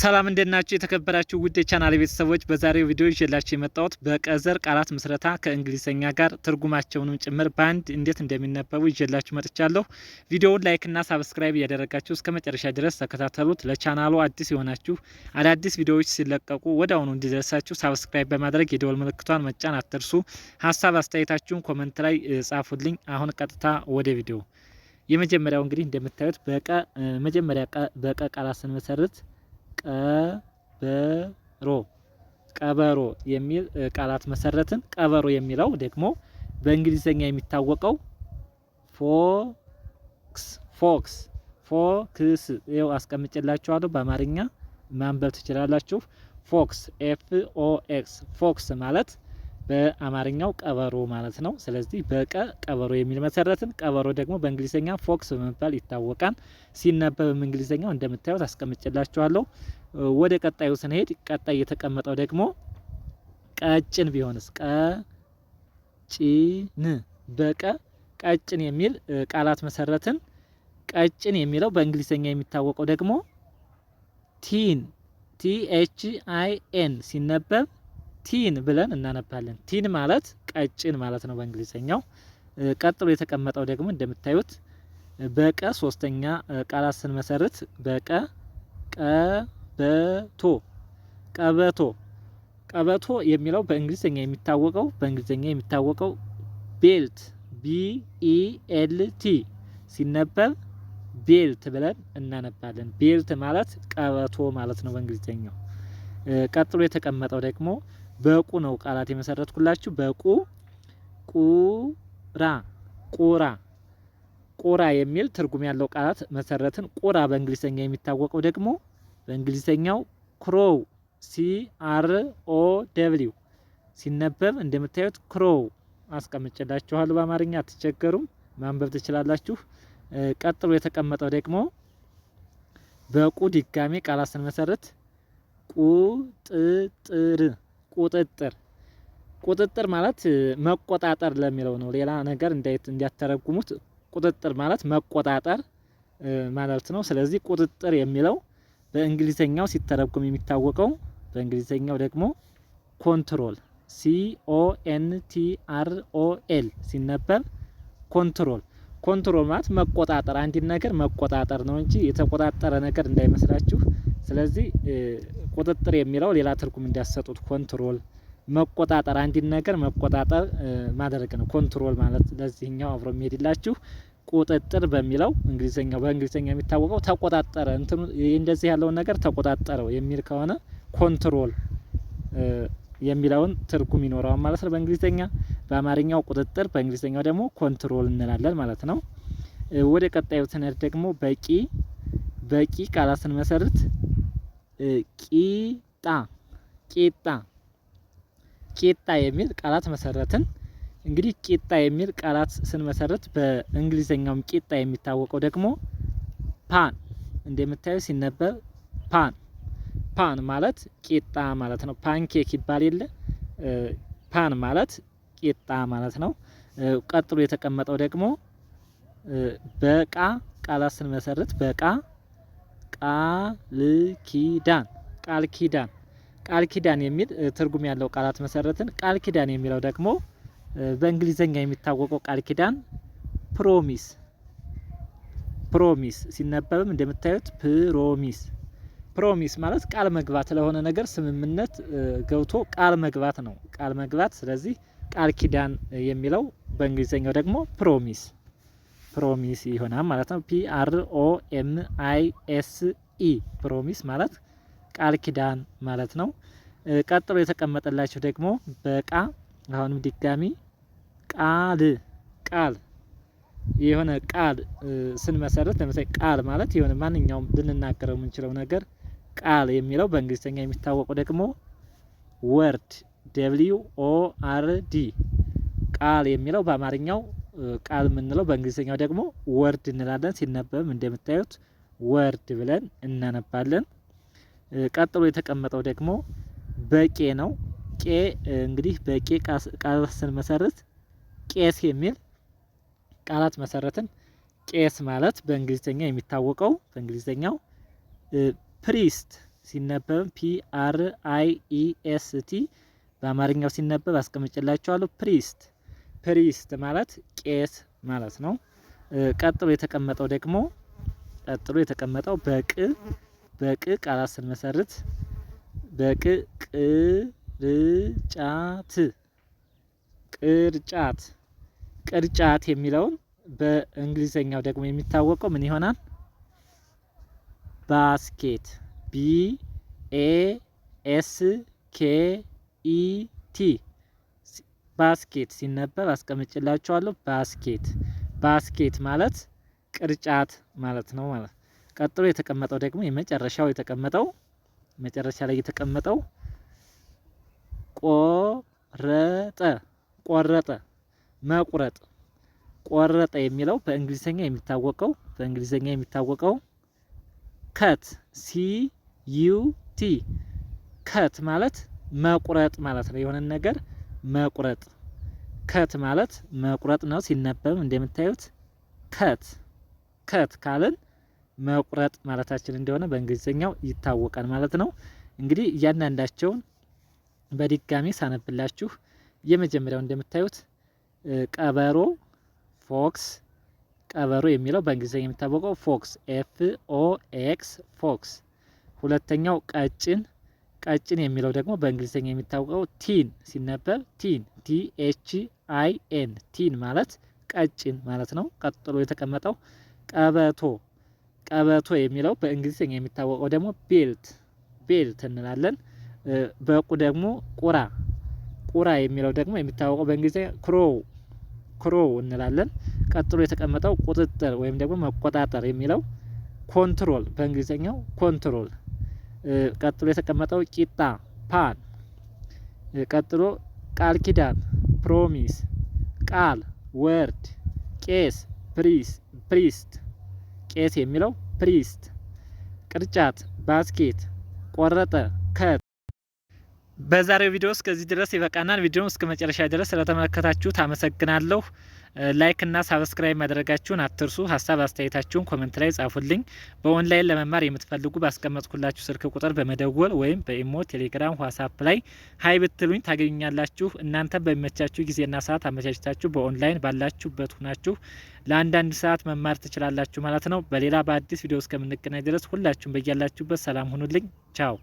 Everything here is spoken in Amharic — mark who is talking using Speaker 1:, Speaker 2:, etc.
Speaker 1: ሰላም እንደናችሁ የተከበራችሁ ውድ የቻናል ቤተሰቦች፣ በዛሬው ቪዲዮ ይዤላችሁ የመጣሁት በቀዘር ቃላት ምስረታ ከእንግሊዝኛ ጋር ትርጉማቸውንም ጭምር በአንድ እንዴት እንደሚነበቡ ይዤላችሁ መጥቻለሁ። ቪዲዮውን ላይክና ሳብስክራይብ እያደረጋችሁ እስከ መጨረሻ ድረስ ተከታተሉት። ለቻናሉ አዲስ የሆናችሁ አዳዲስ ቪዲዮዎች ሲለቀቁ ወደ አሁኑ እንዲደርሳችሁ ሳብስክራይብ በማድረግ የደወል ምልክቷን መጫን አትርሱ። ሀሳብ አስተያየታችሁን ኮመንት ላይ ጻፉልኝ። አሁን ቀጥታ ወደ ቪዲዮ። የመጀመሪያው እንግዲህ እንደምታዩት መጀመሪያ በቀ ቃላት ስንመሰርት ቀበሮ ቀበሮ የሚል ቃላት መሰረትን። ቀበሮ የሚለው ደግሞ በእንግሊዘኛ የሚታወቀው ፎክስ ፎክስ ፎክስ ይኸው አስቀምጬላችኋለሁ። በአማርኛ ማንበብ ትችላላችሁ። ፎክስ ኤፍ ኦ ኤክስ ፎክስ ማለት በአማርኛው ቀበሮ ማለት ነው። ስለዚህ በቀ ቀበሮ የሚል መሰረትን። ቀበሮ ደግሞ በእንግሊዝኛ ፎክስ በመባል ይታወቃል። ሲነበብም እንግሊዝኛው እንደምታዩት አስቀምጭላችኋለሁ። ወደ ቀጣዩ ስንሄድ ቀጣይ የተቀመጠው ደግሞ ቀጭን ቢሆንስ? ቀጭን በቀ ቀጭን የሚል ቃላት መሰረትን። ቀጭን የሚለው በእንግሊዘኛ የሚታወቀው ደግሞ ቲን ቲ ኤች አይ ኤን ሲነበብ ቲን ብለን እናነባለን። ቲን ማለት ቀጭን ማለት ነው በእንግሊዘኛው። ቀጥሎ የተቀመጠው ደግሞ እንደምታዩት በቀ ሶስተኛ ቃላት ስንመሰርት በቀ ቀ ቀበቶ ቀበቶ ቀበቶ የሚለው በእንግሊዝኛ የሚታወቀው በእንግሊዝኛ የሚታወቀው ቤልት ቢኢኤልቲ ሲነበብ ቤልት ብለን እናነባለን። ቤልት ማለት ቀበቶ ማለት ነው በእንግሊዝኛው። ቀጥሎ የተቀመጠው ደግሞ በቁ ነው። ቃላት የመሰረትኩላችሁ በቁ ቁራ ቁራ ቁራ የሚል ትርጉም ያለው ቃላት መሰረትን። ቁራ በእንግሊዝኛ የሚታወቀው ደግሞ በእንግሊዝኛው ክሮው ሲ አር ኦ ደብሊው ሲነበብ እንደምታዩት ክሮው አስቀምጬላችኋለሁ። በአማርኛ አትቸገሩም፣ ማንበብ ትችላላችሁ። ቀጥሎ የተቀመጠው ደግሞ በቁ ድጋሜ ቃላት ስንመሰርት ቁጥጥር ቁጥጥር ቁጥጥር ማለት መቆጣጠር ለሚለው ነው። ሌላ ነገር እንዲያተረጉሙት ቁጥጥር ማለት መቆጣጠር ማለት ነው። ስለዚህ ቁጥጥር የሚለው በእንግሊዘኛው ሲተረጎም የሚታወቀው በእንግሊዘኛው ደግሞ ኮንትሮል ሲኦኤንቲአርኦኤል ሲነበብ ኮንትሮል ኮንትሮል ማለት መቆጣጠር፣ አንድን ነገር መቆጣጠር ነው እንጂ የተቆጣጠረ ነገር እንዳይመስላችሁ። ስለዚህ ቁጥጥር የሚለው ሌላ ትርጉም እንዲያሰጡት ኮንትሮል መቆጣጠር አንድን ነገር መቆጣጠር ማድረግ ነው። ኮንትሮል ማለት ለዚህኛው አብሮ የሚሄድላችሁ ቁጥጥር በሚለው እንግሊዘኛ በእንግሊዘኛ የሚታወቀው ተቆጣጠረ እንትኑ እንደዚህ ያለውን ነገር ተቆጣጠረው የሚል ከሆነ ኮንትሮል የሚለውን ትርጉም ይኖረዋል ማለት ነው። በእንግሊዘኛ በአማርኛው ቁጥጥር፣ በእንግሊዘኛው ደግሞ ኮንትሮል እንላለን ማለት ነው። ወደ ቀጣዩ ስንሄድ ደግሞ በቂ በቂ ቃላት ስንመሰርት ቂጣ ቂጣ ቂጣ የሚል ቃላት መሰረትን። እንግዲህ ቂጣ የሚል ቃላት ስንመሰረት በእንግሊዘኛውም ቂጣ የሚታወቀው ደግሞ ፓን እንደምታዩ ሲነበብ ፓን ፓን ማለት ቂጣ ማለት ነው። ፓንኬክ ይባል የለ ፓን ማለት ቂጣ ማለት ነው። ቀጥሎ የተቀመጠው ደግሞ በቃ ቃላት ስንመሰረት በቃ ቃል ኪዳን ቃል ኪዳን ቃል ኪዳን የሚል ትርጉም ያለው ቃላት መሰረትን። ቃል ኪዳን የሚለው ደግሞ በእንግሊዘኛ የሚታወቀው ቃል ኪዳን ፕሮሚስ ፕሮሚስ ሲነበብም እንደምታዩት ፕሮሚስ ፕሮሚስ ማለት ቃል መግባት ለሆነ ነገር ስምምነት ገብቶ ቃል መግባት ነው። ቃል መግባት። ስለዚህ ቃል ኪዳን የሚለው በእንግሊዘኛው ደግሞ ፕሮሚስ ፕሮሚስ ይሆናል ማለት ነው። ፒ አር ኦ ኤም አይ ኤስ ኢ ፕሮሚስ ማለት ቃል ኪዳን ማለት ነው። ቀጥሎ የተቀመጠላቸው ደግሞ በቃ አሁንም ድጋሚ ቃል ቃል የሆነ ቃል ስንመሰረት ለምሳሌ ቃል ማለት የሆነ ማንኛውም ልንናገረው የምንችለው ነገር ቃል የሚለው በእንግሊዝኛ የሚታወቀው ደግሞ ወርድ ደብሊው ኦ አር ዲ ቃል የሚለው በአማርኛው ቃል የምንለው በእንግሊዝኛው ደግሞ ወርድ እንላለን። ሲነበብም እንደምታዩት ወርድ ብለን እናነባለን። ቀጥሎ የተቀመጠው ደግሞ በቄ ነው። ቄ እንግዲህ በቄ ቃላት ስንመሰርት ቄስ የሚል ቃላት መሰረትን። ቄስ ማለት በእንግሊዝኛ የሚታወቀው በእንግሊዝኛው ፕሪስት ሲነበብ ፒ አር አይ ኢ ኤስ ቲ በአማርኛው ሲነበብ አስቀምጭላችኋለሁ። ፕሪስት ፕሪስት ማለት ቄስ ማለት ነው። ቀጥሎ የተቀመጠው ደግሞ ቀጥሎ የተቀመጠው በቅ በቅ ቃላት ስንመሰርት በቅ ቅ ቅርጫት ቅርጫት ቅርጫት የሚለውን በእንግሊዘኛው ደግሞ የሚታወቀው ምን ይሆናል? ባስኬት ቢ ኤ ኤስ ኬ ኢ ቲ ባስኬት ሲነበብ አስቀምጭላችኋለሁ። ባስኬት ባስኬት ማለት ቅርጫት ማለት ነው ማለት። ቀጥሎ የተቀመጠው ደግሞ የመጨረሻው የተቀመጠው መጨረሻ ላይ የተቀመጠው ቆረጠ ቆረጠ መቁረጥ ቆረጠ የሚለው በእንግሊዘኛ የሚታወቀው በእንግሊዘኛ የሚታወቀው ከት ሲ ዩ ቲ ከት ማለት መቁረጥ ማለት ነው። የሆነን ነገር መቁረጥ ከት ማለት መቁረጥ ነው። ሲነበብ እንደምታዩት ከት ከት ካልን መቁረጥ ማለታችን እንደሆነ በእንግሊዘኛው ይታወቃል ማለት ነው። እንግዲህ እያንዳንዳቸውን በድጋሚ ሳነብላችሁ የመጀመሪያው እንደምታዩት ቀበሮ ፎክስ ቀበሮ የሚለው በእንግሊዝኛ የሚታወቀው ፎክስ ኤፍ ኦ ኤክስ ፎክስ። ሁለተኛው ቀጭን ቀጭን የሚለው ደግሞ በእንግሊዝኛ የሚታወቀው ቲን ሲነበብ ቲን ቲ ኤች አይ ኤን ቲን ማለት ቀጭን ማለት ነው። ቀጥሎ የተቀመጠው ቀበቶ ቀበቶ የሚለው በእንግሊዝኛ የሚታወቀው ደግሞ ቤልት ቤልት እንላለን። በቁ ደግሞ ቁራ ቁራ የሚለው ደግሞ የሚታወቀው በእንግሊዝኛ ክሮው ክሮው እንላለን። ቀጥሎ የተቀመጠው ቁጥጥር ወይም ደግሞ መቆጣጠር የሚለው ኮንትሮል በእንግሊዝኛው ኮንትሮል። ቀጥሎ የተቀመጠው ቂጣ ፓን። ቀጥሎ ቃል ኪዳን ፕሮሚስ፣ ቃል ወርድ፣ ቄስ ፕሪስ ፕሪስት፣ ቄስ የሚለው ፕሪስት። ቅርጫት ባስኬት፣ ቆረጠ ከት
Speaker 2: በዛሬው ቪዲዮ እስከዚህ ድረስ ይበቃናል። ቪዲዮውን እስከ መጨረሻ ድረስ ስለተመለከታችሁት አመሰግናለሁ። ላይክ እና ሳብስክራይብ ማድረጋችሁን አትርሱ። ሀሳብ አስተያየታችሁን ኮመንት ላይ ጻፉልኝ። በኦንላይን ለመማር የምትፈልጉ ባስቀመጥኩላችሁ ስልክ ቁጥር በመደወል ወይም በኢሞ፣ ቴሌግራም፣ ዋትስአፕ ላይ ሀይ ብትሉኝ ታገኙኛላችሁ። እናንተ በሚመቻችሁ ጊዜና ሰዓት አመቻችታችሁ በኦንላይን ባላችሁበት ሁናችሁ ለአንዳንድ ሰዓት መማር ትችላላችሁ ማለት ነው። በሌላ በአዲስ ቪዲዮ እስከምንገናኝ ድረስ ሁላችሁም በያላችሁበት ሰላም ሁኑልኝ። ቻው